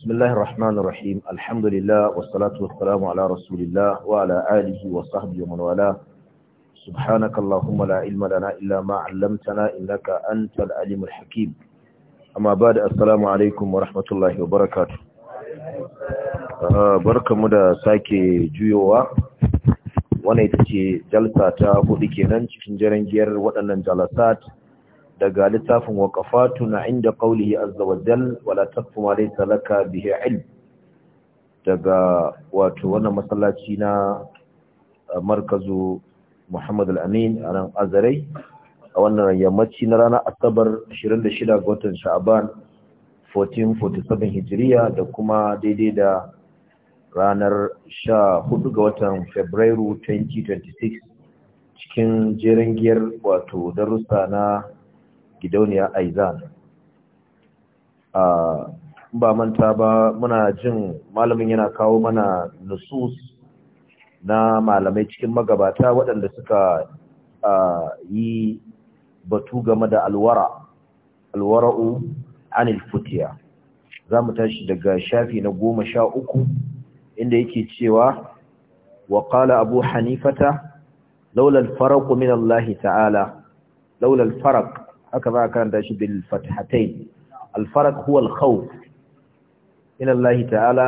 بسم الله الرحمن الرحيم الحمد لله والصلاة والسلام على رسول الله وعلى آله وصحبه ومن والاه سبحانك اللهم لا علم لنا إلا ما علمتنا إنك أنت العليم الحكيم أما بعد السلام عليكم ورحمة الله وبركاته بركة مدى ساكي جيوة وانا يتشي جلسة تابو لكي ننشي جنجر وانا جلسات daga littafin waƙafatu na inda ƙaulihi ya dal wala tafi ma laisa laka bihi ilm daga wato wannan masallaci na markazu Muhammad al-Amin a nan Azare a wannan yammaci na ranar Asabar 26 ga watan Sha'aban 1447 Hijiriya da kuma daidai da ranar 14 ga watan Fabrairu 2026 cikin jerin giyar wato darussa na gidauniya aizan ba manta ba muna jin malamin yana kawo mana nusus na malamai cikin magabata waɗanda suka yi batu game da alwara alwara'u anil futiya za mu tashi daga shafi na goma sha uku inda yake cewa wa ƙala abu hanifata laulal alfaraq ta'ala laulal farak. haka za a karanta shi bil fathatai Alfarak huwa alkhawf ila Allah ta'ala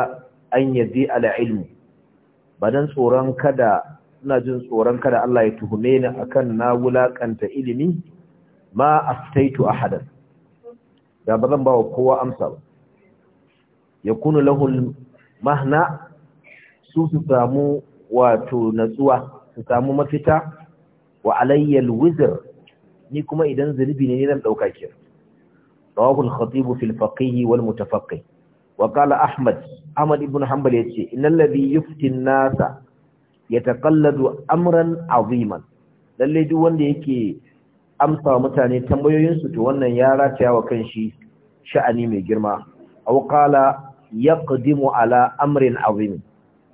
an yadi ala ilmu ba dan tsoron kada ina jin tsoron kada Allah ya tuhume ni akan na wulakanta ilimi ma aftaitu ahadan da ba zan ba wa kowa amsa ba kunu lahu mahna su su samu wato natsuwa su samu mafita wa alayyal Wizir. ni kuma idan zunubi ne ni zan dauka kenan rawahu al-khatib fi al-faqih wal mutafaqih wa qala ahmad ahmad ibn hanbal yace innal ladhi yufti an-nasa yataqalladu amran aziman lalle duk wanda yake amsa mutane tambayoyin su to wannan ya rataya wa kanshi sha'ani mai girma aw qala yaqdimu ala amrin azim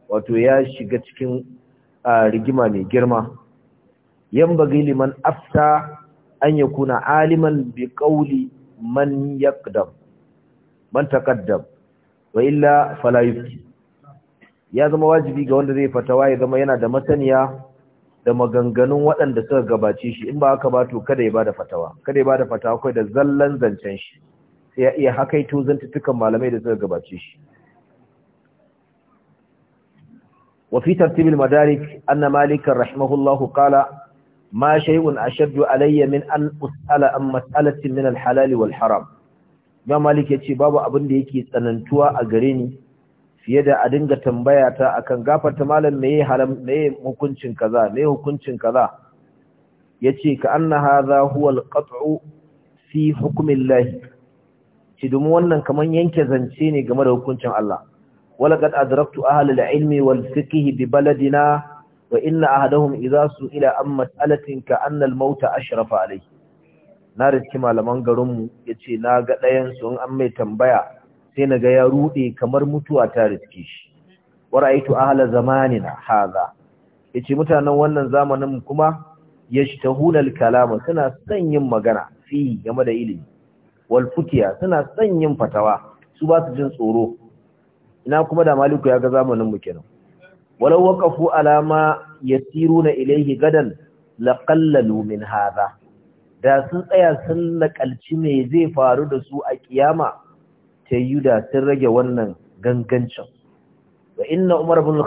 wato ya shiga cikin ah, rigima mai girma yan bagi liman afta an kuna aliman bi qawli man yaqdam man taqaddam wa illa fala ya zama wajibi ga wanda zai fatawa ya zama yana da masaniya da maganganun waɗanda suka gabace shi in ba haka ba to kada ya bada fatawa kada ya bada fatawa kai da zallan zancen shi sai ya iya hakaito zantuttukan malamai da suka gabace shi wa fi tartibil madarik anna رحمه rahimahullahu qala ma shay'un ashaddu alayya min an us'ala an mas'alatin min al wal haram ya malik yace babu abin da yake tsanantuwa a gare ni fiye da a dinga tambaya ta akan gafata malam meye haram hukuncin kaza meye hukuncin kaza yace ka anna hadha huwa al-qat'u fi hukmi Allah domin wannan kaman yanke zance ne game da hukuncin Allah walaqad adraktu ahli al-ilmi wal fiqh bi baladina wa inna ahadahum idza ila an mas'alatin ka anna al ashrafa alayhi na riski malaman garin mu yace na ga ɗayan su an mai tambaya sai na ga ya rude kamar mutuwa ta riske shi wa ra'aytu ahla zamanina hadha yace mutanen wannan zamanin kuma yashtahuna al-kalama suna son yin magana fi game da ilimi wal suna son yin fatawa su ba su jin tsoro ina kuma da maliku ya ga zamanin mu kenan walau waqafu alama na ilaihi gadan laqallalu min hadha da sun tsaya sun lakalci me zai faru da su a kiyama tayu da sun rage wannan gangancin wa inna umar bin al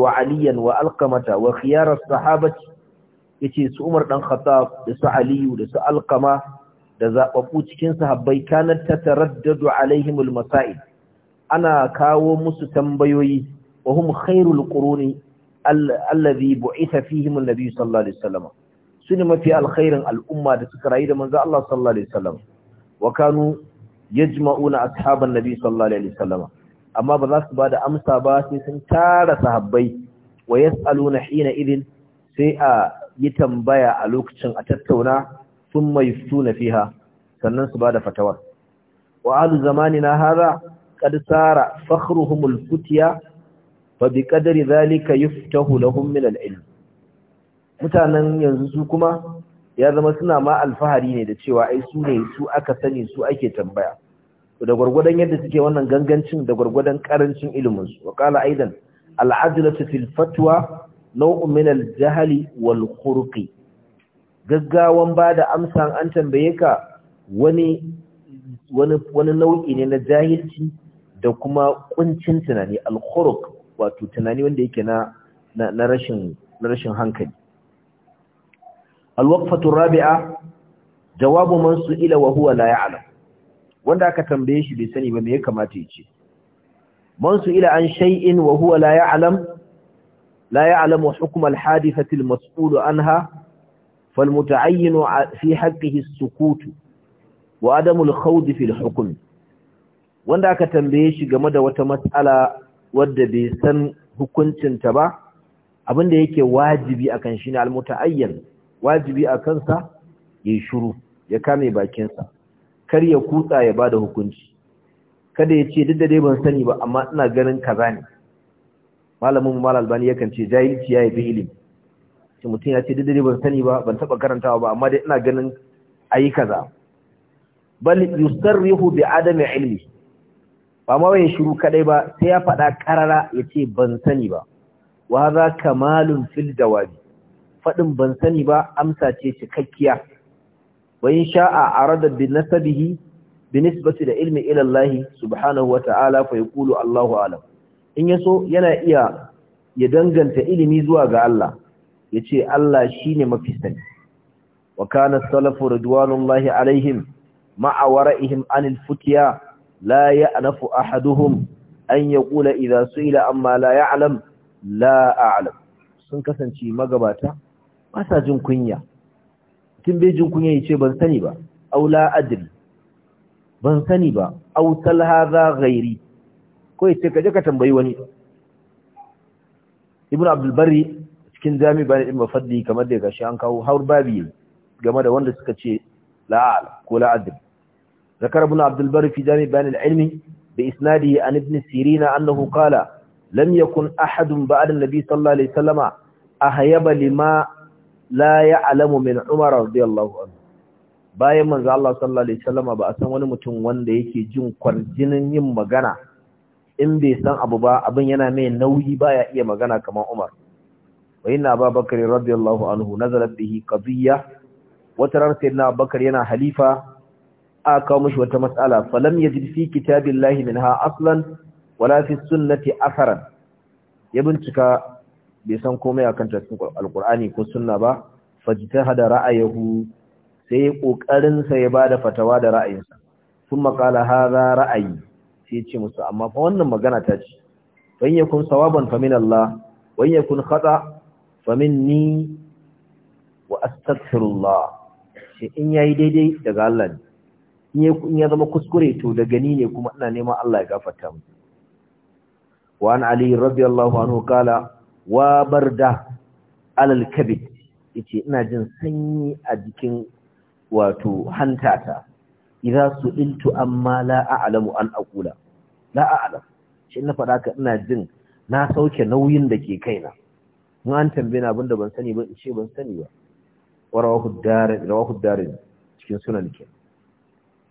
wa aliyan wa alqamata wa khiyar as-sahabati yace su umar dan khattab da su aliyu da su alqama da zababbu cikin sahabbai kanat ta alaihim al-masail ana kawo musu tambayoyi wa hum khairul quruni allazi bu'itha fihim annabi sallallahu alaihi wasallam sune mafi alkhairin al'umma da suka rayu da manzo Allah sallallahu alaihi wasallam wa kanu yajma'una ashaban nabi sallallahu alaihi wasallam amma ba za su bada amsa ba sai sun tara sahabbai wa yas'aluna hina idin sai a yi tambaya a lokacin a tattauna sun mai tuna fiha sannan su bada fatawar wa ahlu zamanina hadha qad sara fakhruhum al-futya fa bi qadri zalika yuftahu lahum min al-ilm mutanen yanzu su kuma ya zama suna ma alfahari ne da cewa ai su ne su aka sani su ake tambaya da gwargwadon yadda suke wannan gangancin da gwargwadon karancin ilimin su wa qala aidan al-adlatu fil fatwa naw'u min al-jahli wal khurqi gaggawan bada amsan an tambaye ka wani wani nau'i ne na jahilci da kuma kuncin tunani al-khurq wato tunani wanda yake na na rashin na rashin hankali alwaqfatu rabi'a jawabu man su'ila wa huwa la ya'lam wanda aka tambaye shi bai sani ba me ya kamata ya ce man su'ila an shay'in wa huwa la ya'lam la ya'lamu hukm al-hadithati al-mas'ul anha فالمتعين في حقه السكوت وعدم الخوض في الحكم wanda aka tambaye shi game da wata matsala wadda bai san hukuncinta ba abinda yake wajibi akan shi ne almuta'ayyan wajibi a kansa ya shiru ya kame bakinsa kar ya kutsa ya bada hukunci kada ya ce duk da dai ban sani ba amma ina ganin kaza ne malamin mu malal bani yakan ce jahilci yayi bi ilimi shi mutum ya ce duk da dai ban sani ba ban taba karantawa ba amma dai ina ganin ayi kaza bal yusarrihu bi adami ilmi ba ma wayan shiru kadai ba sai ya faɗa ƙarara ya ce ban sani ba wa za kamalun fil jawabi faɗin ban sani ba amsa ce cikakkiya wa in sha'a arada bi nasabihi bi nisbati da ilmi ilallahi subhanahu wa ta'ala fa yaqulu Allahu alam in yaso yana iya ya danganta ilimi zuwa ga Allah yace Allah shine mafi sani wa kana salafu ridwanullahi alaihim ma'a wara'ihim anil futiya لا يعرف أحدهم أن يقول إذا سئل أما لا يعلم لا أعلم sun kasance magabata ba sa jin kunya tun bai jin kunya yace ban sani ba aw la adri ban sani ba aw tal hadha ghairi ko yace kaje ka tambayi wani ibnu abdul barri cikin jami bayan ibnu fadli kamar da gashi an kawo har babi game da wanda suka ce la ko la adri ذكر ابن عبد البر في جامع بيان العلم بإسناده عن ابن سيرين أنه قال لم يكن أحد بعد النبي صلى الله عليه وسلم أهيب لما لا يعلم من عمر رضي الله عنه bayan manzo Allah sallallahu alaihi wasallama ba a san wani mutum wanda yake jin kwarjinin yin magana in bai san abu ba abin yana mai nauyi baya iya magana kamar Umar wa inna Abu Bakr radiyallahu anhu nazalat bihi qadiyya watarar sayyidina Abu Bakr yana halifa a kawo mashi wata matsala falam ya ji fi kitabillahi minha aslan wala fi sunnati asaran ya bincika bai san komai akan tasirin alkur'ani ko sunna ba hada ra'ayahu sai kokarin sa ya bada fatawa da ra'ayinsa sun makala hadha ra'ayi sai ce musu amma fa wannan magana ta ce wan yakun sawaban fa min Allah wan yakun khata fa minni wa astaghfirullah shi in yayi daidai daga Allah ne in ya zama kuskure to daga ni ne kuma ina neman Allah ya gafarta mu wa an ali radiyallahu anhu kala wa barda alal kabid yace ina jin sanyi a jikin wato hantata idza su'iltu amma la a'lamu an aqula la a'lam shi na fada ka ina jin na sauke nauyin da ke kaina in an tambaye na abinda ban sani ba in ce ban sani ba wa rawahu darin rawahu darin cikin sunan kenan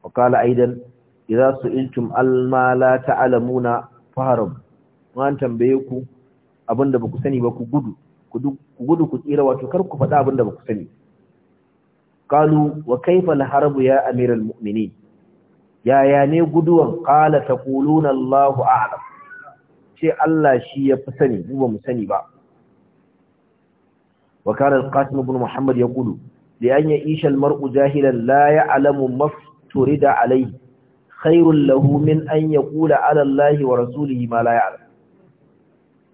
wa qala aidan idza su'iltum alma la ta'lamuna faharab an tambaye ku abinda baku sani ba ku gudu ku gudu ku tsira wato kar ku faɗa da baku sani qalu wa kayfa al ya amiral mu'minin ya ya ne guduwan qala taquluna Allahu a'lam ce Allah shi ya fi sani mu ba mu sani ba wa kana al-qasim ibn muhammad yaqulu li an ya'isha maru jahilan la ya'lamu maf turida alaihi khairul lahu min an yaqula ala allahi wa rasulihi ma la ya'lam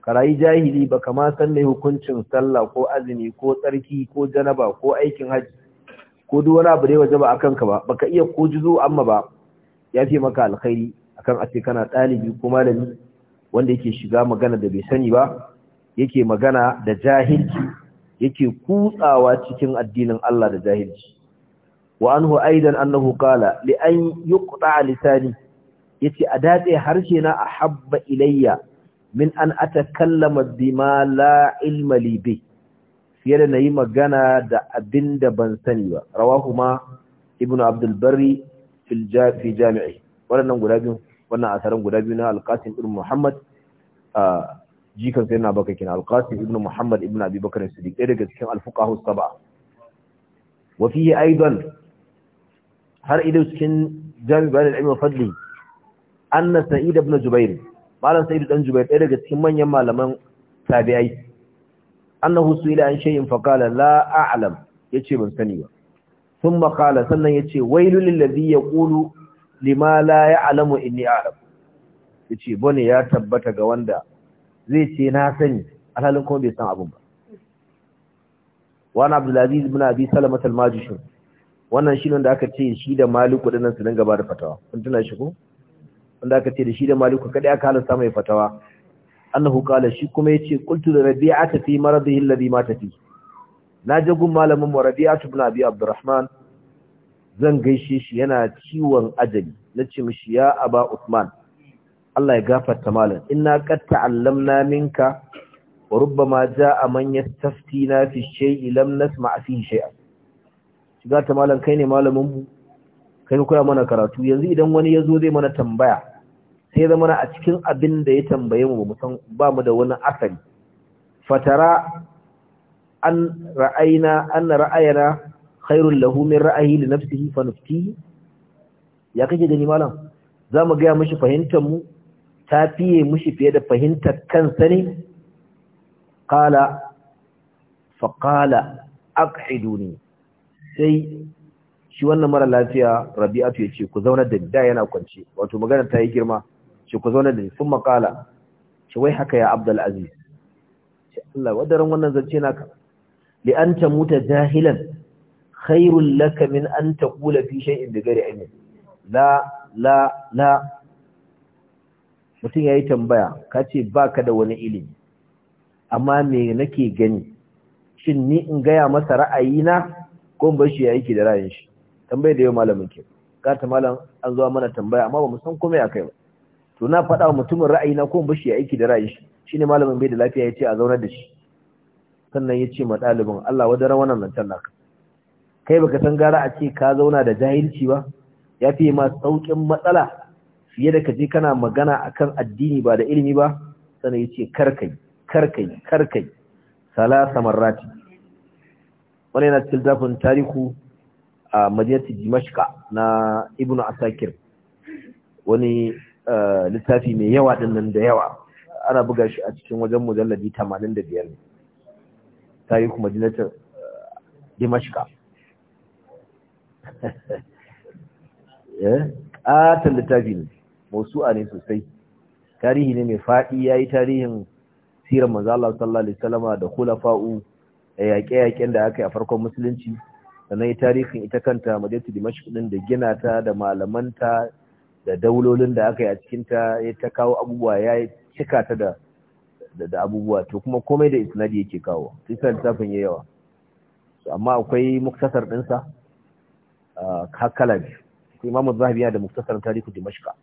karayi jahili ba ma san me hukuncin sallah ko azumi ko tsarki ko janaba ko aikin haji ko duk wani abu da waje ba akan ka ba baka iya ko juzu amma ba fi maka alkhairi akan ace kana dalibi ko malami wanda yake shiga magana da bai sani ba yake magana da jahilci yake kutsawa cikin addinin Allah da jahilci وأنه أيضا أنه قال لأن يقطع لساني يتي أداتي هرشنا أحب إلي من أن أتكلم بما لا علم لي به fiye da na yi magana da abin da ban sani ba rawahu ma ibn abdulbari fi jami'i wannan guda biyu wannan asarin guda biyu na alƙasim ibn muhammad a jikan sai na baka kina alƙasim ibn muhammad ibn abubakar siddiq ɗaya daga cikin alfuqahu saba wa fihi aidan har ido cikin jami bayan al'ilmi fadli anna sa'id ibn jubair malam sa'id dan jubair ɗaya daga cikin manyan malaman tabi'ai annahu su'ila an shay'in fa qala la a'lam yace ban sani ba thumma qala sannan yace wailul lil ladhi yaqulu lima la ya'lamu inni a'lam yace bone ya tabbata ga wanda zai ce na sani alhalin kuma bai san abin ba wa an abdulaziz ibn abi salama al wannan shi wanda aka ce shi da maliku dinnan su dinga ba da fatawa kun tuna shi ko wanda aka ce da shi da maliku kada aka halasta mai fatawa annahu qala shi kuma yace qultu da rabi'ata fi maradihi alladhi mata fi na je gun malamin mu rabi'atu ibn abi abdurrahman zan gaishe shi yana ciwon ajali nace mishi ya aba usman Allah ya gafarta malam inna qad ta'allamna minka wa rubbama ja'a man na fi shay'in lam nasma' fihi shay'an shiga ta malam kai ne malamin mu kai ka koya mana karatu yanzu idan wani ya zo zai mana tambaya sai zama a cikin abin da ya tambaye mu ba mu da wani asali fatara an ra'ayina an ra'ayana khairul lahu min ra'ayi li nafsihi fa nuftihi ya kake gani malam za mu ga mishi fahimtar mu ta fiye mishi fiye da fahimtar kansa ne qala fa qala aqiduni sai shi wannan mara lafiya rabi'atu ya ce ku zaunar da da yana kwance wato magana ta yi girma ce ku zaunar da ni sun makala ce wai haka ya abdul aziz ce Allah wadaran wannan zance naka li an muta jahilan khairul laka min an taqula fi shay'in inda gari ilmin la la la mutum yayi tambaya ka ce baka da wani ilimi amma me nake gani shin ni in gaya masa ra'ayina ko mu shi ya ke da ra'ayin shi tambayar da yau malamin ke ka ta malam an zuwa mana tambaya amma ba mu san komai akai ba to na faɗa wa mutumin ra'ayi na ko mu shi ya ke da ra'ayin shi ne malamin bai da lafiya yace a zauna da shi sannan yace ma ɗalibin Allah wadaran wannan lantar naka kai baka san gara a ce ka zauna da jahilci ba ya fi ma saukin matsala fiye da ka je kana magana akan addini ba da ilimi ba sannan yace karkai karkai karkai salasa marrati wani yana cikin zafin tarihu a madinati dimashka na ibn asakir wani littafi mai yawa dinnan da yawa ana buga shi a cikin wajen mujalladi 85 ne tarihu madinatin dimashka eh? ƙatar littafi ne mausu'a ne sosai tarihi ne mai faɗi ya yi tarihin siran manzala sallallahu alaihi salama da fa'u. yaƙe-yaƙen da aka yi a farkon musulunci sannan yi tarihin ita kanta majalisar dimashq din da gina ta da malamanta da daulolin da aka yi a cikinta ya ta kawo abubuwa ya cika ta da abubuwa to kuma komai da isnadi yake kawo isa littafin ya yawa amma akwai muktasar ɗinsa ah, a ne akwai imamu zahabi yana da muktasar tarihu dimashka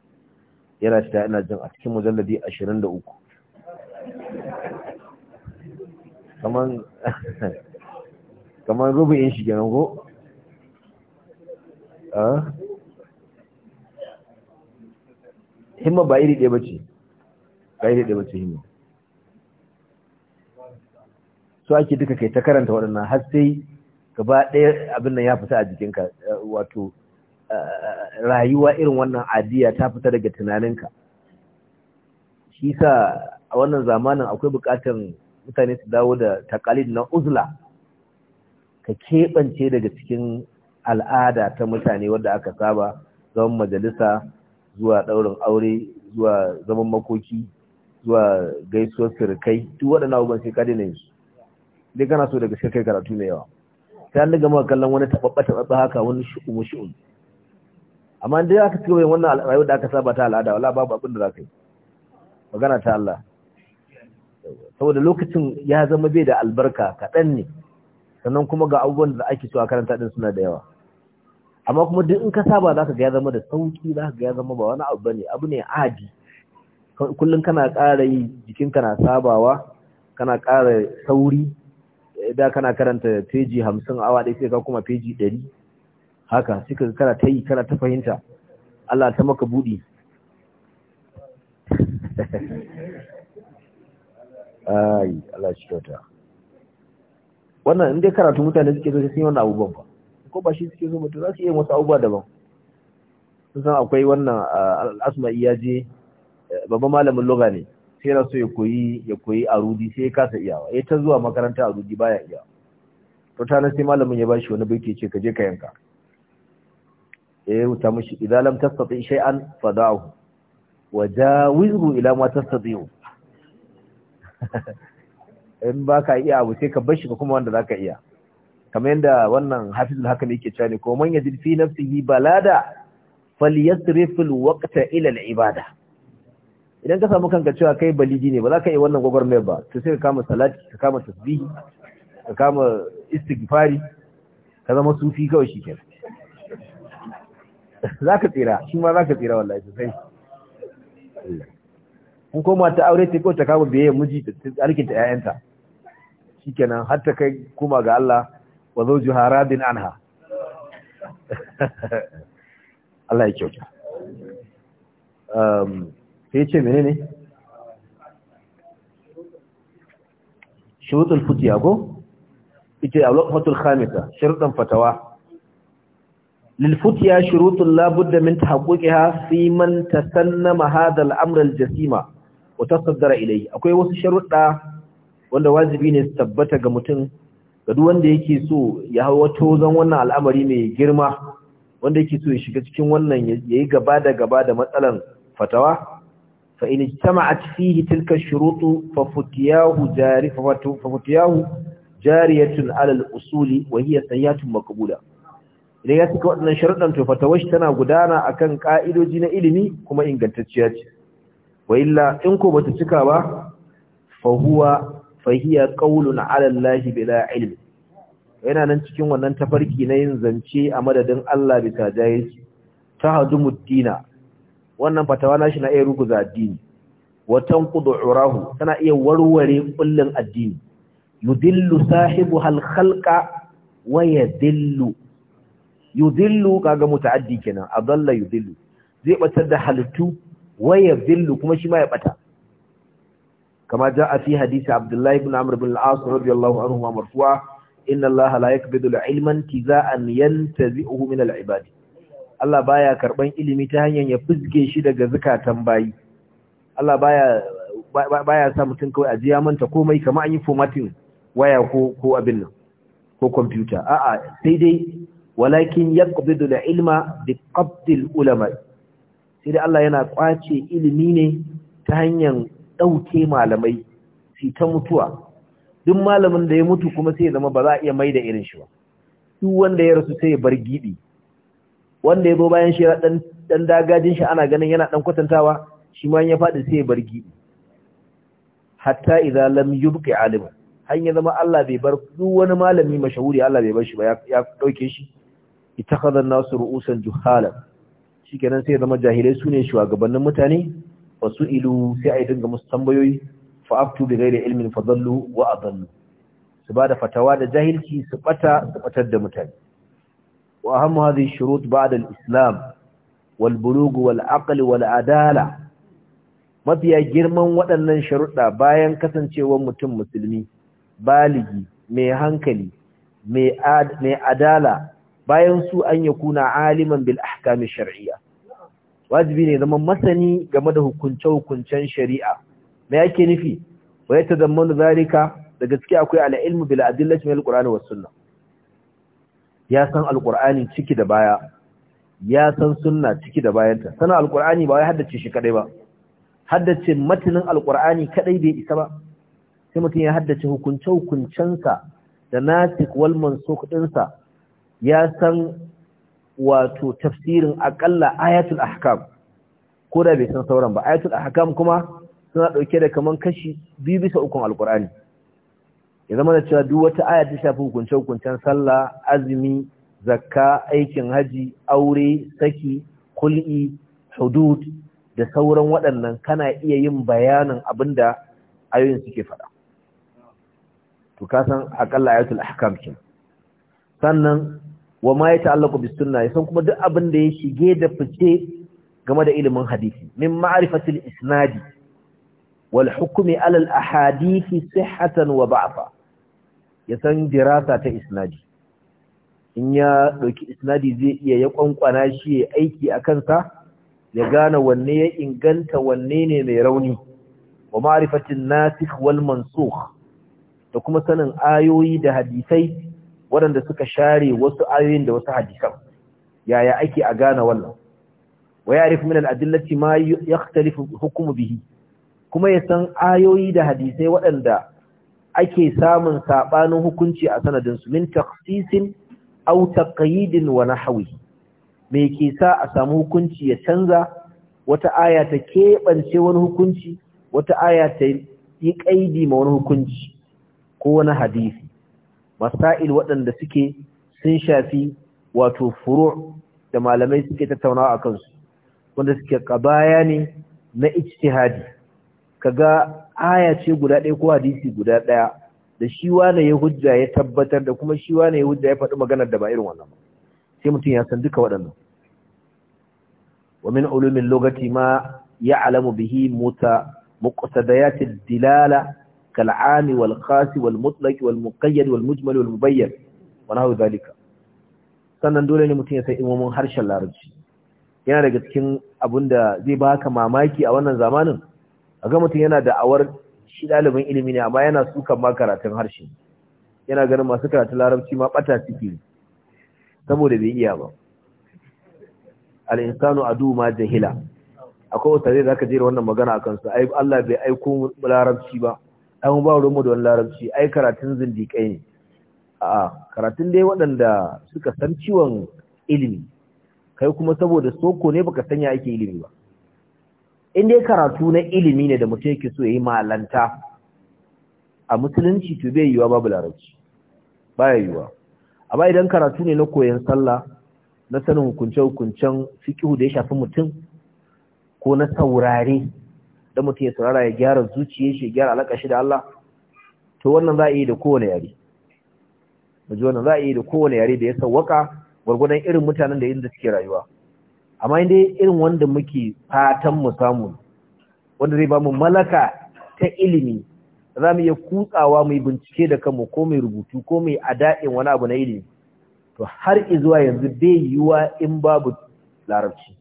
yana ta yana jin a cikin mujalladi uku. kaman kaman rubu'in shi kenan ko a ah? himma ba iri ɗaya bace ba iri ɗaya bace himma so ake duka kai ta karanta waɗannan har sai gaba ɗaya abin nan ya fita a jikinka wato rayuwa irin wannan adiya ta fita daga tunaninka shi sa a wannan zamanin akwai buƙatar mutane su dawo da takalid na uzla ka keɓance daga cikin al'ada ta mutane wadda aka saba zaman majalisa zuwa ɗaurin aure zuwa zaman makoki zuwa gaisuwar sirkai duk waɗannan abubuwan sai ka daina yinsu dai kana so daga sirkai karatu mai yawa sai an daga maka kallon wani taɓaɓɓa taɓaɓɓa haka wani shi'umu shi'un amma dai aka cigaba yin wannan rayuwar da aka saba ta al'ada wala babu abin da za ka yi magana ta Allah saboda lokacin ya zama bai da albarka kaɗan ne sannan kuma ga abubuwan da ake cewa karanta ɗin suna da yawa amma kuma duk in ka saba za ka ga ya zama da sauki za ka ga ya zama ba wani abu ba ne, abu ne adi kullum kana ƙara yi jikinka na sabawa kana ƙara sauri da kana karanta peji hamsin awa ɗaya sai ka kuma peji ɗari haka sai ka kana ta yi kana ta fahimta Allah ta maka buɗi ai Allah shi kyauta wannan in dai karatu mutane suke zo sai sun yi wannan abubuwan ba ko ba shi suke zo mutum za su iya wasu abubuwa daban sun san akwai wannan ah, al'asma ya je eh, babban malamin loga ne sai na so ya koyi ya koyi arudi sai ya kasa iyawa ya ta zuwa makaranta arudi baya iya to ta sai malamin ya bashi wani baiti ce ka je ka yanka ya wuta mashi idan lam tastati shay'an fada'u wajawizhu ila ma tastati'u in ba ka iya abu sai ka bashi ka kuma wanda za ka iya kamar yadda wannan hafizul haka ne yake cewa ne ko man yajid fi nafsihi balada falyasrifil waqta ila al-ibada idan ka samu kanka cewa kai baliji ne ba za ka yi wannan gwagwarmayar ba to sai ka kama salati ka kama tasbihi ka kama istighfari ka zama sufi kawai shikenan za ka tsira shi ma za ka tsira wallahi sosai in koma ta aure ta ko ta kama biyayya miji ta alkinta yayanta shikenan har ta kai kuma ga Allah wa zawjuha radin anha Allah ya kyauta um sai ce menene shurutul futiya go ita al-waqfatul khamisa shurutan fatawa للفتيا شروط لا بد من تحققها في من تسنم هذا الأمر الجسيمة wa tasaddara ilayhi akwai wasu sharuɗa wanda wajibi ne su tabbata ga mutum ga duk wanda yake so ya hawa zan wannan al'amari mai girma wanda yake so ya shiga cikin wannan yayi gaba da gaba da matsalan fatawa fa in ijtama'at fihi tilka shurutu fa futiyahu jari fa futiyahu jariyatun ala al-usuli wa hiya sayyatun maqbula idan ya cika waɗannan sharuɗan to fatawar tana gudana akan ka'idoji na ilimi kuma ingantacciya ce wa illa in ko bata cika ba fa huwa fa hiya qawlun ala Allah bila ilm yana nan cikin wannan tafarki na yin zance a madadin Allah bisa hadu tahdumuddina wannan fatawa nashi na iya ruguza addini wa tanqudu urahu tana iya warware kullun addini yudillu sahibu hal khalqa wa yadillu yudillu kaga mutaaddi kenan adalla yudillu zai batar da halittu waya zillu kuma shi ma ya bata kama ja a fi hadisi abdullahi ibn amr ibn al-as radiyallahu anhu ma marfu'a inna allaha la yakbidu ilman tiza'an yantazi'uhu min al-ibad Allah baya karban ilimi ta hanyar ya fizge shi daga zakatan bayi Allah baya baya sa mutum kawai ajiya manta komai kamar an yi formatting waya ko ko abin nan ko computer a'a sai dai walakin yaqbidu al-ilma bi qabdi al-ulama sai dai Allah yana kwace ilimi ne ta hanyar ɗauke malamai su ta mutuwa duk malamin da ya mutu kuma sai zama ba za a iya mai da irin shi ba duk wanda ya rasu sai ya bar gibi wanda ya zo bayan shi dan ɗan dagajin shi ana ganin yana ɗan kwatantawa shi ma ya faɗi sai ya bar gibi hatta idan lam yubqi alima har ya zama Allah bai bar duk wani malami mashahuri Allah bai bar shi ba ya ɗauke shi ita an-nasu ru'usan juhalar shikenan sai zama jahilai su ne shugabannin mutane ba su ilu sai a yi dinga musu tambayoyi fa'aftu bi gaira ilmin fadallu wa adallu su ba da fatawa da jahilci su bata su batar da mutane wa ahammu hadhihi islam wal bulugh wal aql wal adala mafiya girman waɗannan sharuɗa bayan kasancewar mutum musulmi baligi mai hankali mai adala bayan su an kuna aliman bil ahkam shar'iyya wajibi ne zama masani game da hukunce-hukuncen shari'a me yake nufi wa ya tazammanu zalika da gaske akwai al-ilmu bil adillati min al-qur'ani was sunnah ya san al-qur'ani ciki da baya ya san sunna ciki da bayanta sanan al-qur'ani ba wai haddace shi kadai ba haddace matanin al-qur'ani kadai bai isa ba sai mutum ya haddace hukunce-hukuncensa da nasikh wal mansukh dinsa ya san wato tafsirin akalla ayatul ahkam ko da bai san sauran ba ayatul ahkam kuma suna dauke da kaman kashi biyu bisa ukun alqur'ani ya zama da cewa duk wata aya ta shafi hukunce hukuncen sallah azumi zakka aikin haji aure saki kul'i hudud da sauran waɗannan kana iya yin bayanin abinda ayoyin suke faɗa to ka san akalla ayatul ahkam kin sannan wa ma yata'allaqu bis sunna yasan kuma duk abin da ya shige da fice game da ilimin hadisi min ma'rifatil isnadi wal hukm ala al ahadith sihhatan wa da'fa yasan dirasa ta isnadi in ya dauki isnadi zai iya ya kwankwana shi ya aiki a kansa ya gane wanne ya inganta wanne ne mai rauni wa ma'rifatin nasikh wal mansukh da kuma sanin ayoyi da hadisai waɗanda suka share wasu ayoyin da wasu hadisan yaya ake a gane wannan wa ya'rifu min al-adillati ma yakhtalifu bihi kuma ya san ayoyi da hadisai waɗanda ake samun saɓanin hukunci a sanadin su min taksisin au taqyidin wa hawi, me ke sa a samu hukunci ya canza wata aya ta keɓance wani hukunci wata aya ta yi ƙaidi ma wani hukunci ko wani hadisi masail waɗanda suke sun shafi wato furu' da malamai suke tattaunawa a kansu, wanda suke baya ne na ijtihadi kaga aya ce guda ɗaya ko hadisi guda ɗaya da shi wane ya hujja ya tabbatar da kuma shi wane ya hujja ya faɗi magana da ba irin wannan ba sai mutum ya san duka waɗannan wa min ulumin lokaci ma ya alamu bihi muta muqtadayat dilala كالعام والخاص والمطلق والمقيد والمجمل والمبين ونحو ذلك sannan dole ne mutum ya san imomin harshen larabci yana daga cikin abin da zai baka mamaki a wannan zamanin a ga mutum yana da awar shi dalibin ilimi ne amma yana sukan ma karatun harshe yana ganin masu karatun larabci ma bata suke saboda bai iya ba al'insanu a ma jahila akwai wata zai zaka ka jera wannan magana a ai Allah bai aiko larabci ba an ba ruwanmu da wani larabci ai karatun zindiƙai ne a karatun dai waɗanda suka san ciwon ilimi kai kuma saboda soko ne baka sanya ake ilimi ba in dai karatu na ilimi ne da mutum yake so ya yi malanta a musulunci to bai yiwa babu larabci ya yiwa amma idan karatu ne na koyon sallah na sanin hukunce-hukuncen fikihu da ya shafi mutum ko na saurare dan mutum ya saurara ya gyara zuciyar shi gyara alaka shi da Allah to wannan za a yi da kowane yare muji wannan za a yi da kowane yare da ya sawwaka gwargwadon irin mutanen da inda suke rayuwa amma inda irin wanda muke fatan mu samu wanda zai ba mu malaka ta ilimi za mu iya kutsawa mu bincike da kanmu ko mai rubutu ko mai ada'in wani abu na ilimi to har izuwa yanzu bai yiwuwa in babu larabci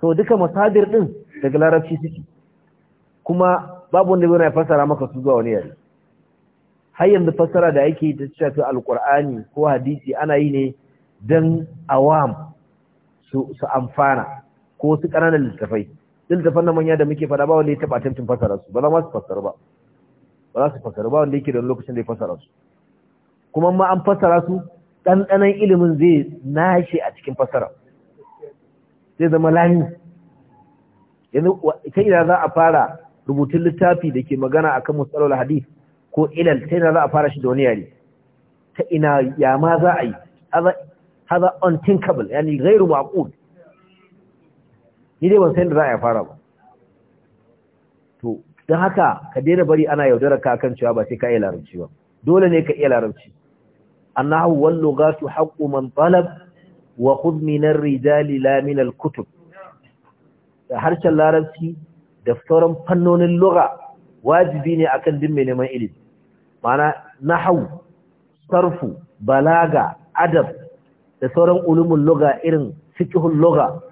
to duka masadir din daga larabci suke kuma babu wanda yana fassara maka su zuwa wani yare har yanzu fassara da yake ta shafi alkur'ani ko hadisi ana yi ne dan awam su su amfana ko su kananan littafai littafan na manya da muke fada ba wanda ya taba tantin fassara su ba za su fassara ba ba za su fassara ba wanda yake da lokacin da ya fassara su kuma ma an fassara su ɗanɗanan ilimin zai nashi a cikin fassara zai zama layin yanzu kai da za a fara rubutun littafi da ke magana akan matsalar hadith ko ilal ta yana za a fara shi da wani yare ta ina ya ma za a yi haza unthinkable yani gairu maqul ni dai ban san da za a fara ba to don haka ka daina bari ana yaudara ka kan cewa ba sai ka iya larabci ba dole ne ka iya larabci annahu wal lughatu haqqu man talab wa khudh min ar-rijali la min al harshen larabci da sauran fannonin lura wajibi ne akan duk mai neman ilimi mana nahau sarfu balaga adab da sauran ulumin lura irin fiqhul lura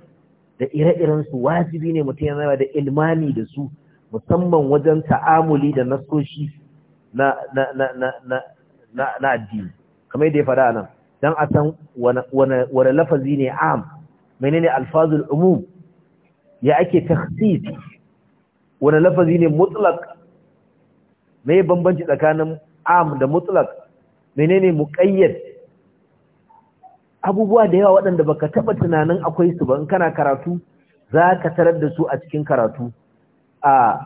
da ire-iren su wajibi ne mutum yana da ilmani da su musamman wajen ta'amuli da nasoshi na na na na na na addini kamar yadda ya faɗa nan dan a san wane lafazi ne am menene alfazul umum ya ake takhsis wani lafazi ne mutlak me bambanci tsakanin am da mutlak menene muqayyad abubuwa da yawa waɗanda baka taba tunanin akwai su ba in kana karatu za ka tarar da su a cikin karatu a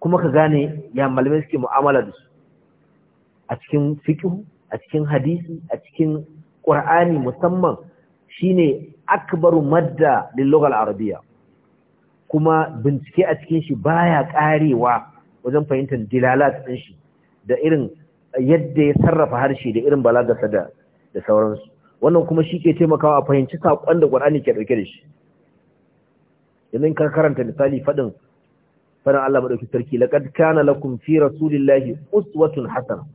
kuma ka gane ya malamai suke mu'amala da su a cikin fiqh a cikin hadisi a cikin ƙur'ani, musamman shine akbaru madda lil lugha al arabiyya kuma bincike a cikin shi baya karewa wajen fahimtar dilalat din shi da irin yadda ya sarrafa harshe da irin balagarsa da da sauransu wannan kuma shi ke taimakawa a fahimci saƙon da Qur'ani ke dauke da shi idan ka karanta misali fadin fadin Allah madauki sarki laqad kana lakum fi rasulillahi uswatun hasana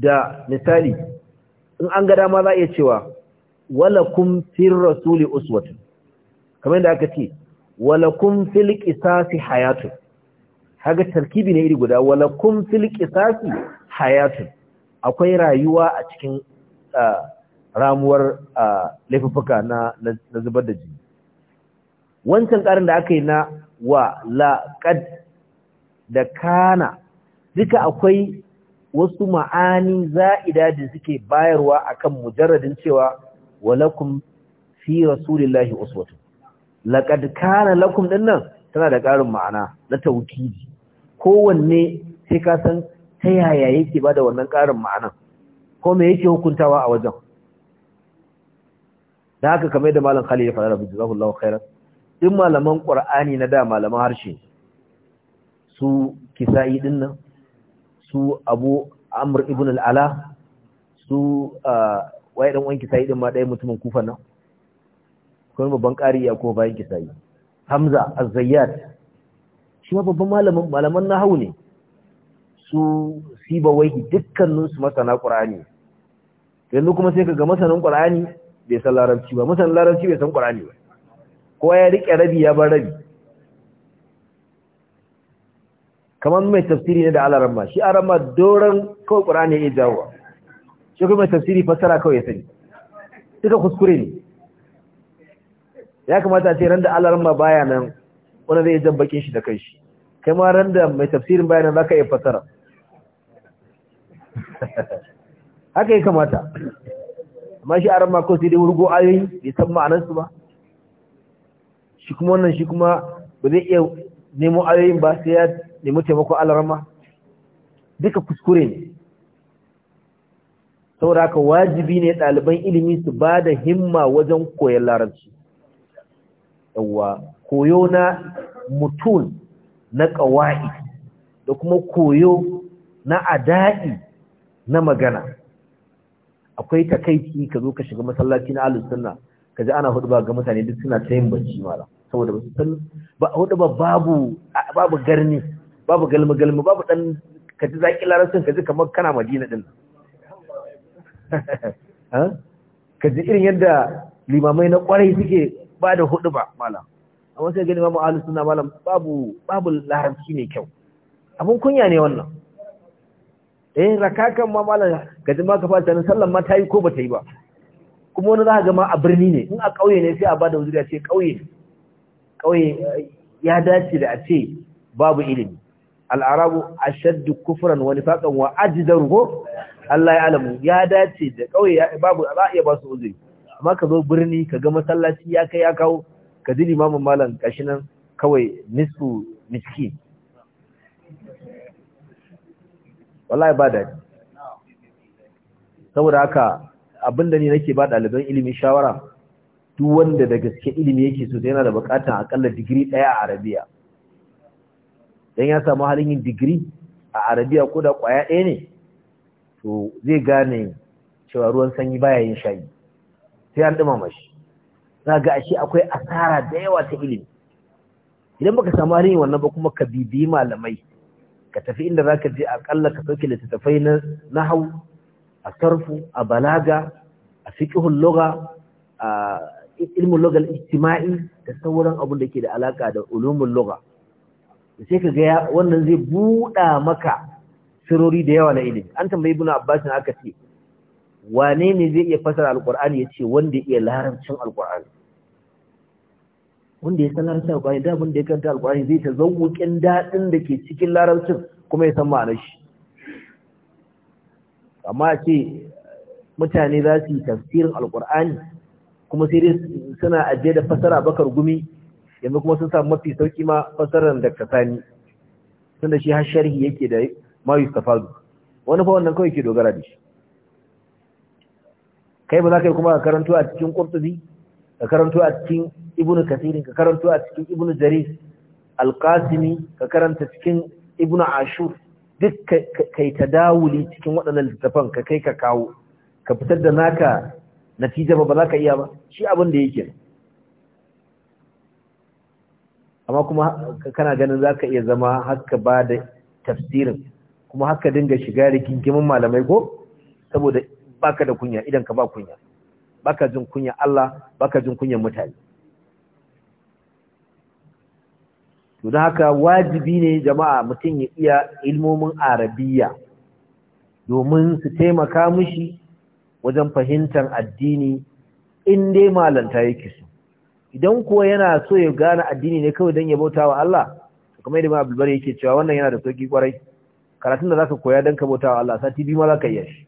da misali in an ga dama za a iya cewa walakum fir rasuli uswatun kamar yadda aka ce Walakun fil qisasi hayatun haga tarkibi ne iri guda Walakun fil qisasi hayatun akwai rayuwa a cikin ramuwar laifuka na zubar da jini wancan ƙarin da aka yi na wa la da kana duka akwai wasu ma'ani za'ida da suke bayarwa akan mujarradin cewa walakum fi rasulillahi uswatun laqad kana lakum dinnan tana da ƙarin ma'ana na taukiji kowanne sai ka san ta yaya yake bada wannan ƙarin ma'ana? ko me yake hukuntawa a wajen da haka kamar da malam Khalil ya faɗa rabbi jazakallahu khairan din malaman Qur'ani na da malaman harshe su kisa'i dinnan su Abu Amr ibn al-Ala su ah, wai dan wanki sai din ma dai mutumin kufa nan akwai babban ƙari ya ko bayan kisayi hamza az Zayyad shi ma babban malamin malaman hau ne su sibawaihi dukkanin su masana qur'ani yanzu kuma sai kaga masanin qur'ani bai san larabci ba masanin larabci bai san qur'ani ba kowa ya rike rabi ya bar rabi kamar mai tafsiri ne da alarama shi arama doron kawai qur'ani ya jawo shi kuma mai tafsiri fassara kawai ya sani duka kuskure ne ya kamata ce ran da alarma baya nan wani zai jan bakin shi da kai shi kai ma ran da mai tafsirin baya nan zaka iya fasara haka ya kamata amma shi ma ko sai dai wurgo ayoyi bai san ma'anar su ba shi kuma wannan shi kuma ba zai iya nemo ayoyin ba sai ya nemi taimako alarma duka kuskure ne saboda haka wajibi ne ɗaliban ilimi su ba da himma wajen koyon larabci yawa koyo na mutun na kawai da kuma koyo na ada'i na magana akwai takaici ka zo ka shiga masallaci na ahlus sunna kaji ana hudu ba ga mutane duk suna ta yin bacci mara saboda ba su san ba hudu ba babu babu garni babu galma galma babu dan kaji zaki larabcin kaji kamar kana madina din kaji irin yadda limamai na kwarai suke ba da hudu ba malam amma sai gani mamu ahlus sunna malam babu babu larabci ne kyau abun kunya ne wannan eh rakakan ma malam ga jama'a ka fata nan sallan ma ta yi ko ba ta yi ba kuma wani za ka ga ma a birni ne in a kauye ne sai a bada wuzuriya ce kauye kauye eh, ya dace da a ce babu ilimi al'arabu ashaddu kufran wa nifaqan wa ajdaru Allah ya alamu ya dace da kauye babu za a iya ba su amma ka zo birni ka ga masallaci ya kai ya kawo ka ji limamin malam kashi nan kawai nisfu miski wallahi ba daɗi saboda haka abinda ne nake ba ɗaliban ilimin shawara duk wanda da gaske ilimi yake so yana da buƙatar akalla digiri ɗaya a arabiya dan ya samu halin yin digiri a arabiya ko da ƙwaya ɗaya ne to zai gane cewa ruwan sanyi baya yin shayi sai an dumama shi za ga ashe akwai asara da yawa ta ilimi idan baka samu arini wannan ba kuma ka bibi malamai ka tafi inda zaka je kalla ka sauke littattafai na nahau a sarfu a balaga a fiqhul lugha a ilmul lugha al da sauran abun da ke da alaka da ulumul lugha sai ka ga wannan zai buɗa maka sirori da yawa na ilimi an tambayi buna abbasin aka ce wane ne zai iya fasara alkur'ani ya ce wanda ya iya larabcin alkur'ani wanda ya san larabcin Alƙur'ani, da abin da ya kanta alkur'ani zai ta zawukin daɗin da ke cikin larabcin kuma ya san ma'anar shi amma ce mutane za su yi tafsirin alkur'ani kuma sai dai suna ajiye da fasara bakar gumi yanzu kuma sun samu mafi sauki ma fasarar da kasani da shi har sharhi yake da ma yustafadu wani fa wannan kawai ke dogara da shi kai ba za ka yi kuma ka karanto a cikin qurtubi ka karanto a cikin ibnu kasirin ka karanto a cikin ibnu jarir Al-Qasimi, ka karanta cikin ibnu ashur duk kai tadawuli cikin waɗannan littafan ka kai ka kawo ka fitar da naka natija ba ba za ka iya ba shi abin da yake amma kuma kana ganin za ka iya zama haka ba da tafsirin kuma haka dinga shiga rigingimin malamai ko saboda baka da kunya idan ka ba kunya baka jin kunya Allah baka jin kunyan mutane to don haka wajibi ne jama'a mutum ya iya ilmomin arabiya domin su taimaka mishi wajen fahimtar addini in dai malanta yake so idan kuwa yana so ya gane addini ne kawai don ya bauta wa Allah kamar yadda Abdul Bari yake cewa wannan yana da sauki kwarai karatun da zaka koya don ka bauta wa Allah sati biyu ma zaka iya shi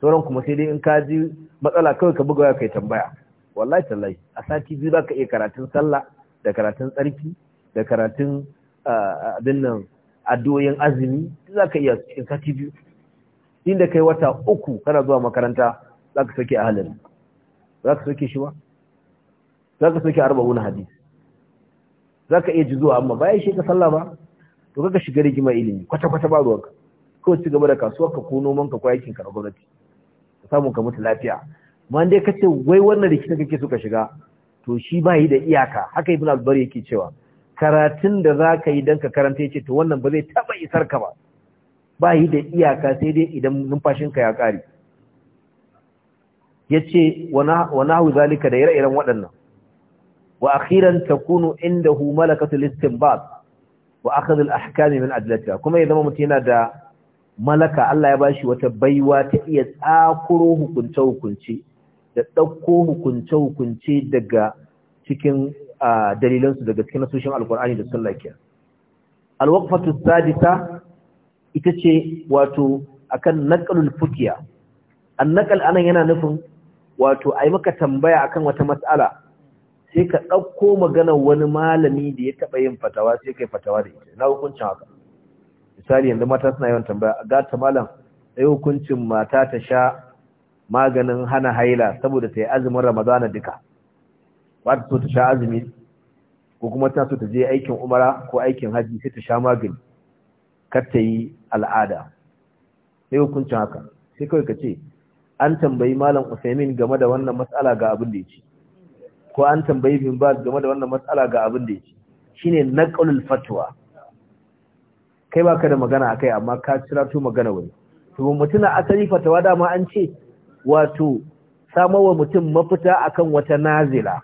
sauran kuma sai dai in ka ji matsala kawai ka buga kai tambaya wallahi tallahi a sati biyu za ka iya karatun sallah da karatun tsarki da karatun abin nan addu'o'in azumi za ka iya in sati biyu inda kai wata uku kana zuwa makaranta za ka soke ahalin za ka soke shi ba za ka soke arba'un hadisi. za ka iya ji zuwa amma bayan shi ka sallah ba to kaga shiga rigima ilimi kwata-kwata ba ruwanka kawai ci gaba da kasuwa ka ko noman ka ko aikin ka na gwamnati samu ka mutu lafiya ma dai kace wai wannan rikita kake so ka shiga to shi ba yi da iyaka haka ibn al yake cewa karatun da za ka yi don ka karanta ya ce, to wannan ba zai taɓa isar ka ba ba yi da iyaka sai dai idan numfashin ka ya kare yace wana hau zalika da ire-iren waɗannan wa akhiran takunu indahu malakatul istinbat wa akhadh al-ahkam min adlatiha kuma zama mutum yana da malaka Allah ya bashi wata baiwa ta iya tsakuro hukunce hukunce da ɗauko hukunce hukunce daga cikin dalilansu daga cikin nasoshin alkur'ani da sun ke alwakfatu sadisa ita ce wato akan naqlul fukiya an naqal anan yana nufin wato ai maka tambaya akan wata matsala, sai ka ɗauko magana wani malami da ya taɓa yin fatawa sai kai fatawa da ita na hukuncin haka misali yanzu mata suna yawan tambaya gata malam sai hukuncin mata ta sha maganin hana haila saboda ta yi azumin ramadana duka ba ta so ta sha azumi ko kuma ta so ta je aikin umara ko aikin hajji sai ta sha magani kar ta yi al'ada sai hukuncin haka sai kawai ka ce an tambayi malam usaimin game da wannan matsala ga abin da ya ce ko an tambayi bin ba game da wannan matsala ga abin da ya ce shine naqlul fatwa kai baka da magana a kai, amma ka tu magana wani to mutum na asali fatawa dama an ce wato samarwa mutum mafita akan wata nazila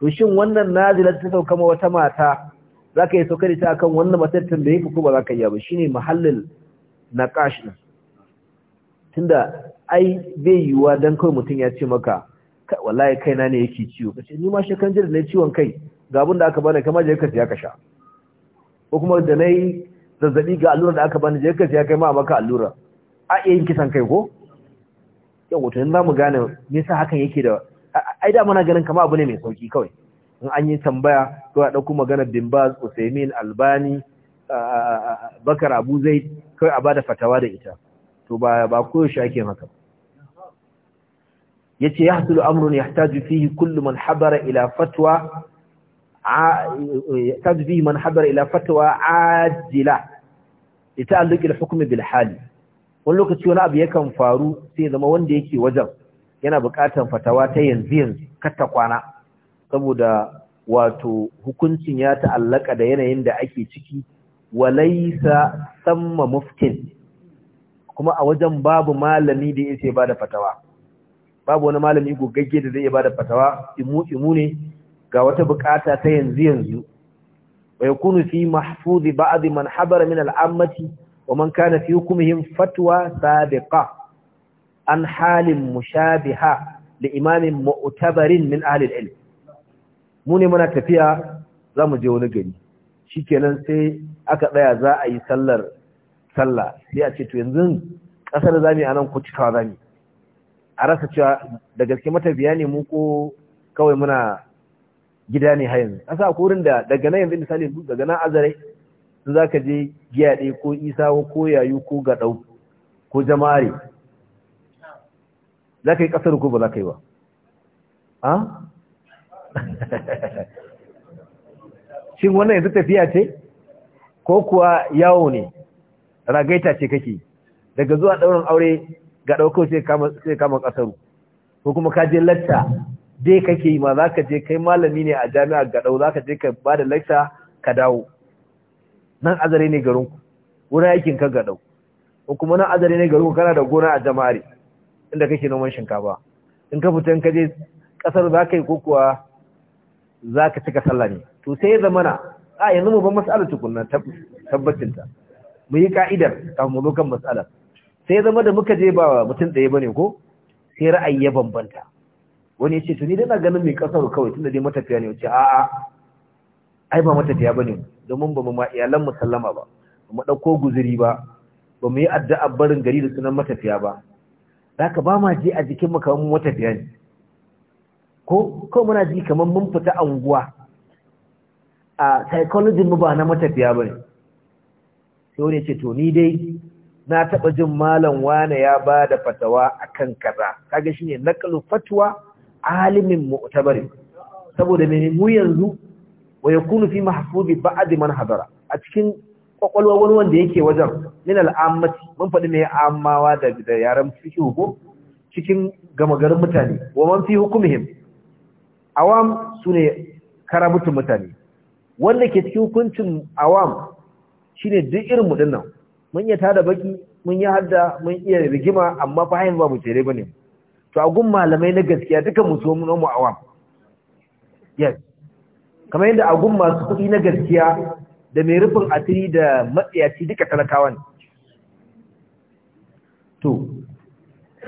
to shin wannan nazila ta sauka ma wata mata zaka yi sauka da ta akan wannan matar tambayi ku ko ba zaka yi ba shine mahallin naqash din tunda ai bai yiwuwa dan kawai mutum ya ce maka wallahi kaina ne yake ciwo kace ni ma shekan jira ne ciwon kai ga abin da aka bani kamar je ka siya ka sha ko kuma da nayi zazzabi ga allura da aka bani je ka ya kai ma maka allura a iya yin kisan kai ko yau wato yanzu zamu gane me yasa hakan yake da ai da muna ganin kamar abu ne mai sauki kawai in an yi tambaya ko a dauko magana Bimbaz Usaimin Albani Bakar Abu Zaid kai a bada fatawa da ita to ba ba ko shi ake haka yace yahsulu amrun yahtaju fihi kullu man habara ila fatwa تجزي من حضر إلى فتوى عاجلة لتعلق الحكم bilhali, wani lokaci wani abu yakan faru sai zama wanda yake wajen yana buƙatar fatawa ta yanzu yanzu katta kwana saboda wato hukuncin ya ta'allaka da yanayin da ake ciki walaisa samma muftin kuma a wajen babu malami da yake bada fatawa babu wani malami gogagge da zai iya bada fatawa imu imu ne ga wata bukata ta yanzu yanzu wa yakunu fi mahfuzi ba'd man habara min al'ammati wa man kana fi hukumihim fatwa sabiqa an halin mushabiha li imamin mu'tabarin min ahli al-ilm mu muna tafiya zamu je wani gari shikenan sai aka tsaya za a yi sallar sallah sai a ce to yanzu kasar zamu anan ku cikawa zamu a rasa cewa da gaske matafiya ne mu ko kawai muna gida ne hayan yanzu kasa ko wurin da daga nan yanzu misali daga nan azare sun za ka je giya ɗaya ko isa ko yayu ko gaɗau ko jama'are za ka yi ƙasar ko ba za ka yi ba a? shin wannan yanzu tafiya ce ko kuwa yawo ne ragaita ce kake daga zuwa ɗaurin aure ga ɗaukau sai kama ƙasaru ko kuma ka je latta dai kake yi ma za ka je kai malami ne a jami'ar gadau za ka je ka ba da lakta ka dawo nan azare ne garinku wurin aikin ka gadau, ko kuma nan azare ne garinku kana da gona a jama'ari inda kake noman shinkafa in ka fita in ka je ƙasar za ka yi ko kuwa za ka cika sallah ne to sai ya zamana a yanzu mu ban mas'ala tukunna ta mu yi ka'idar kafin mu zo kan mas'alar sai ya zama da muka je ba mutum ɗaya bane ko sai ra'ayi ya bambanta wani ya ce tuni dana ganin mai kasar kawai tunda dai matafiya ne ya a a'a ai ba matafiya bane domin ba mu ma iyalan mu sallama ba ba mu dauko guziri ba ba mu yi addu'a barin gari da sunan matafiya ba zaka ba ma je a jikin mu kamar matafiya ne ko ko muna ji kamar mun fita anguwa a psychology mu ba na matafiya bane sai wani ce to ni dai na taba jin malam wane ya ba da fatawa akan kaza kaga shine naqlu fatwa alimin mu'tabari saboda mene mu yanzu wa yakunu fi mahfuzi ba'd man hadara a cikin kwakwalwa wani wanda yake wajen min al'ammati mun faɗi mai ammawa da da yaran fiki ko cikin gamagarin mutane wa man fi hukumihim awam sune karabutun mutane wanda ke cikin hukuncin awam shine duk irin mu dinnan mun yi tada baki mun yi hadda mun iya rigima amma fa ba mu tere bane to agun malamai na gaskiya duka musulmi na mu'awam yes kamar yadda agun masu kuɗi na gaskiya da mai rufin asiri da matsayaci duka talakawan to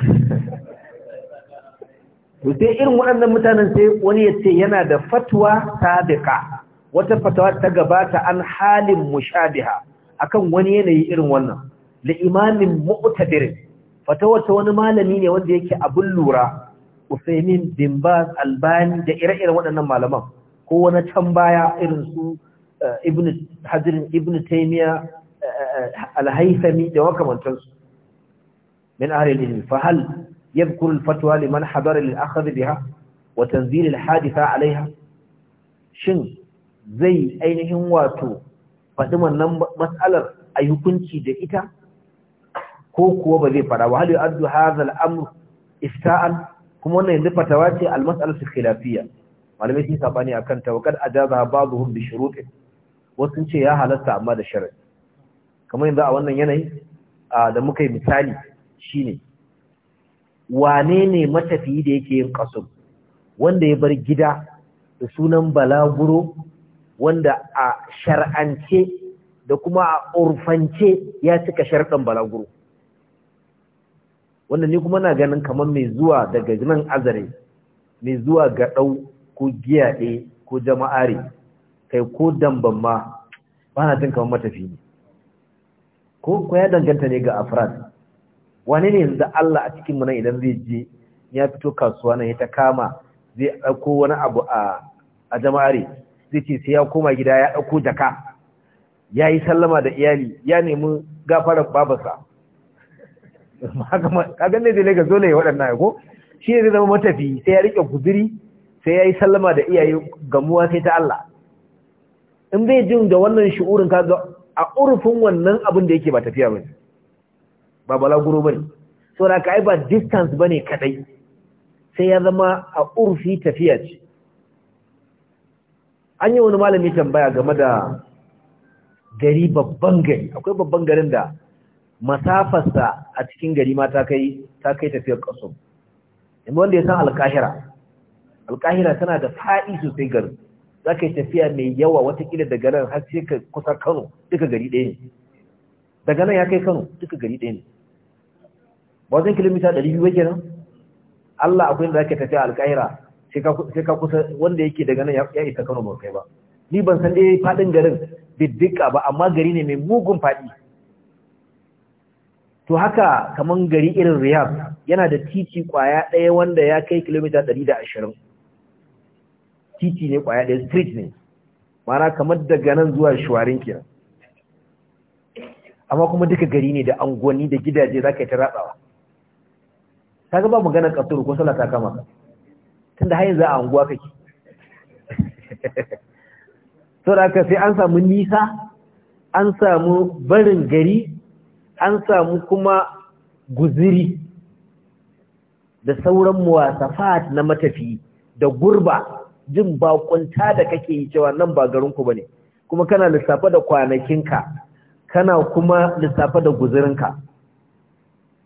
to sai irin waɗannan mutanen sai wani ya ce yana da fatwa sabiqa wata fatawa ta gabata an halin mushabiha akan wani yanayi irin wannan da imamin mu'tadirin Wata wata wani malami ne wanda yake abin lura usainin bin Albani da ire-iren waɗannan malaman ko wani can baya irin su hadirin eh, Ibn Taymiyyah eh, eh, al da makamantansu min ahli fahal ilm fa hal yadhkuru fatwa liman hadara lil-akhd biha zirin tanzil al shin zai ainihin wato faɗi wannan matsalar a hukunci da ita ko kuwa ba zai fara wahal yu'addu hadha al-amr ifta'an kuma wannan yanzu fatawa ce al-mas'alatu khilafiyya malamai sun sabani akan ta wa ajaza ba'dhum bi shurutin wasu sun ce ya halatta amma da sharadi kamar yanzu a wannan yanayi da muka yi misali shine wane ne matafiyi da yake yin kasum wanda ya bar gida da sunan balaguro wanda a shar'ance da kuma a urfance ya cika sharɗan balaguro wanda ni kuma na ganin kamar mai zuwa daga nan azare mai zuwa ga ɗau ko giyaɗe ko jama'are kai ko damban ma ba na jin kamar matafi ne ko ko ya danganta ne ga afrad wani ne yanzu Allah a cikin nan idan zai je ya fito kasuwa nan ya ta kama zai ɗauko wani abu a a jama'are zai ce sai ya koma gida ya ɗauko jaka ya yi sallama da iyali ya nemi gafarar babarsa kagan ne zai ga zola ya waɗannan ya ko shi ne zai zama matafi sai ya riƙe guziri sai ya yi sallama da iyaye gamuwa sai ta Allah in bai jin da wannan shi'urin kaga a urufin wannan abin da yake ba tafiya ba ne, ba balaguro ba ne so da ka ba distance ba ne kaɗai, sai ya zama a urufi tafiya ce an yi wani malami tambaya game da gari babban gari akwai babban garin da masafarsa a cikin gari ma ta kai ta kai tafiyar kaso yanzu wanda ya san alkahira alkahira tana da faɗi sosai garin za ka yi tafiya mai yawa watakila daga nan har sai ka kusa kano duka gari ɗaya ne daga nan ya kai kano duka gari ɗaya ne Ba wajen kilomita ɗari biyu wake nan allah akwai da za ka tafiya alkahira sai ka kusa wanda yake daga nan ya isa kano ba kai ba ni ban san dai faɗin garin diddika ba amma gari ne mai mugun faɗi to haka kaman gari irin riyab yana da titi kwaya ɗaya wanda ya kai kilomita 120 titi ne kwaya ɗaya street ne mana kamar daga nan zuwa shuwarin kenan amma kuma duka gari ne da angoni da gidaje za ka yi ta ratsawa ta gaba magana kasuru ko salata kama tun da hayin za a anguwa kake sau da aka sai an samu nisa an samu barin gari an samu kuma guziri da sauran muwasafat na matafi da gurba jin bakunta da kake yi cewa nan ba garinku bane kuma kana lissafa da kwanakinka kana kuma lissafa da guzirinka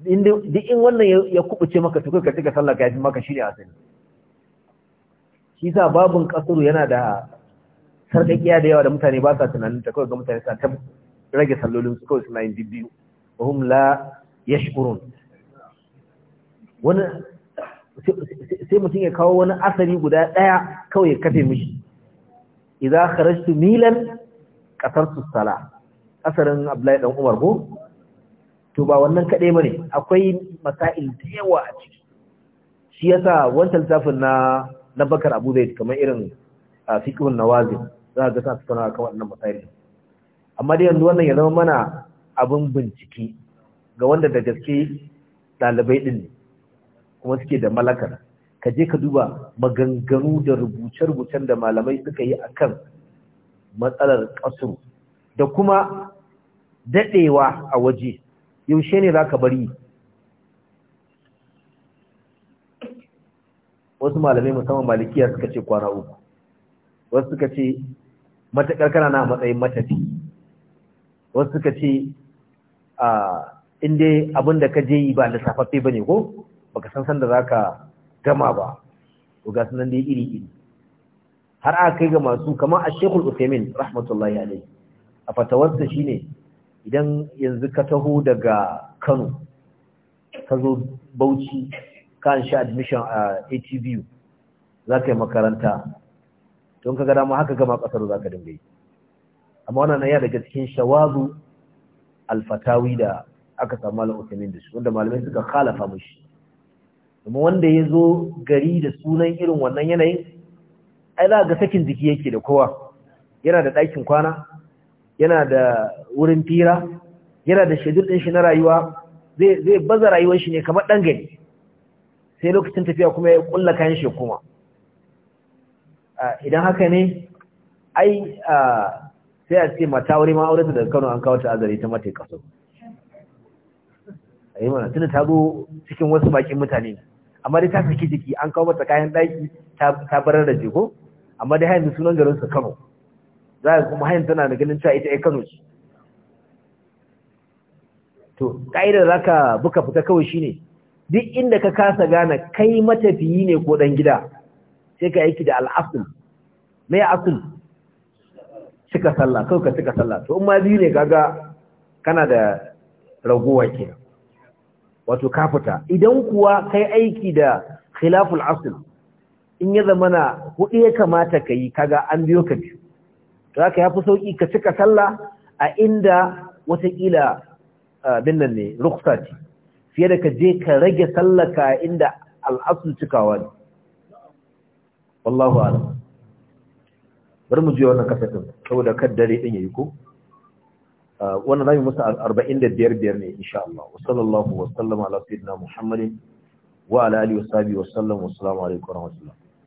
duk in wannan ya kubuce maka to ka cika sallah ka maka shine asali shi sa babun kasuru yana da sarkakiya da yawa da mutane ba sa tunanin ta kawai ga mutane sa ta rage sallolin su kawai suna yin biyu hum la yashkurun wani sai mutum ya kawo wani asali guda ɗaya kawai ya kafe mishi idza kharajtu milan qatartu sala asarin Abdullahi dan Umar ko to ba wannan kadai bane akwai masail da yawa a ciki shi yasa wancan tafin na na Bakar Abu Zaid kamar irin fiqhun nawazil za ga sa tsana kan wannan masail amma dai yanzu wannan ya zama mana abin bincike ga wanda da gaske ɗalibai ɗin ne kuma suke da malakar ka je ka duba maganganu da rubuce-rubucen da malamai suka yi a kan matsalar ƙasar da kuma daɗewa a waje yaushe ne za ka bari wasu malamai musamman malikiya suka ce kwana uku wasu suka ce matakar kana na matsayin matafi wasu suka ce in dai abin da ka je yi ba lissafaffe ba ne ko baka san san da za ka gama ba ga sunan dai iri-iri har aka kai ga masu kamar a shekul usaimin rahmatullahi alai a fatawarsa shine idan yanzu ka taho daga kano ka zo bauchi ka an sha admission a atv za ka yi makaranta don ka gada ma haka gama kasar za ka dinga yi amma wannan yada daga cikin shawazu alfatawi da aka samu malam da shi wanda malamai suka khalafa mashi. kuma wanda ya zo gari da sunan irin wannan yanayin ai za ga sakin jiki yake da kowa yana da ɗakin kwana yana da wurin fira yana da shedul ɗin shi na rayuwa zai baza rayuwar shi ne kamar ɗan gari sai lokacin tafiya kuma ya ƙulla kayan shi kuma idan haka ne ai sai a ce mata wuri ma daga Kano an kawo ta azari ta mata kaso ayi mana tuni ta zo cikin wasu bakin mutane amma dai ta saki jiki an kawo mata kayan daki ta barar da jiko amma dai hayan sunan garin su Kano za a kuma hayan tana da ganin cewa ita ai Kano ce to za ka buka fita kawai shine duk inda ka kasa gane kai matafiyi ne ko dan gida sai ka aiki da al'asul mai asul cika sallah kawai ka cika sallah to in ma biyu ne kaga kana da raguwa kenan wato ka fita idan kuwa kai aiki da khilaful asl in ya zama na hudu ya kamata ka yi kaga an biyo ka biyu to haka ya fi sauki ka cika sallah a inda watakila abin nan ne ruksa ce fiye da ka je ka rage sallaka inda al'asul cikawa ne wallahu alam bari mu je wannan kasafin saboda kan dare din yayi ko ah, wannan zamu musu 45 biyar ne insha Allah wa sallallahu wa sallama ala sayyidina Muhammadin wa ala alihi wa sahbihi wa sallam wa assalamu alaikum wa rahmatullah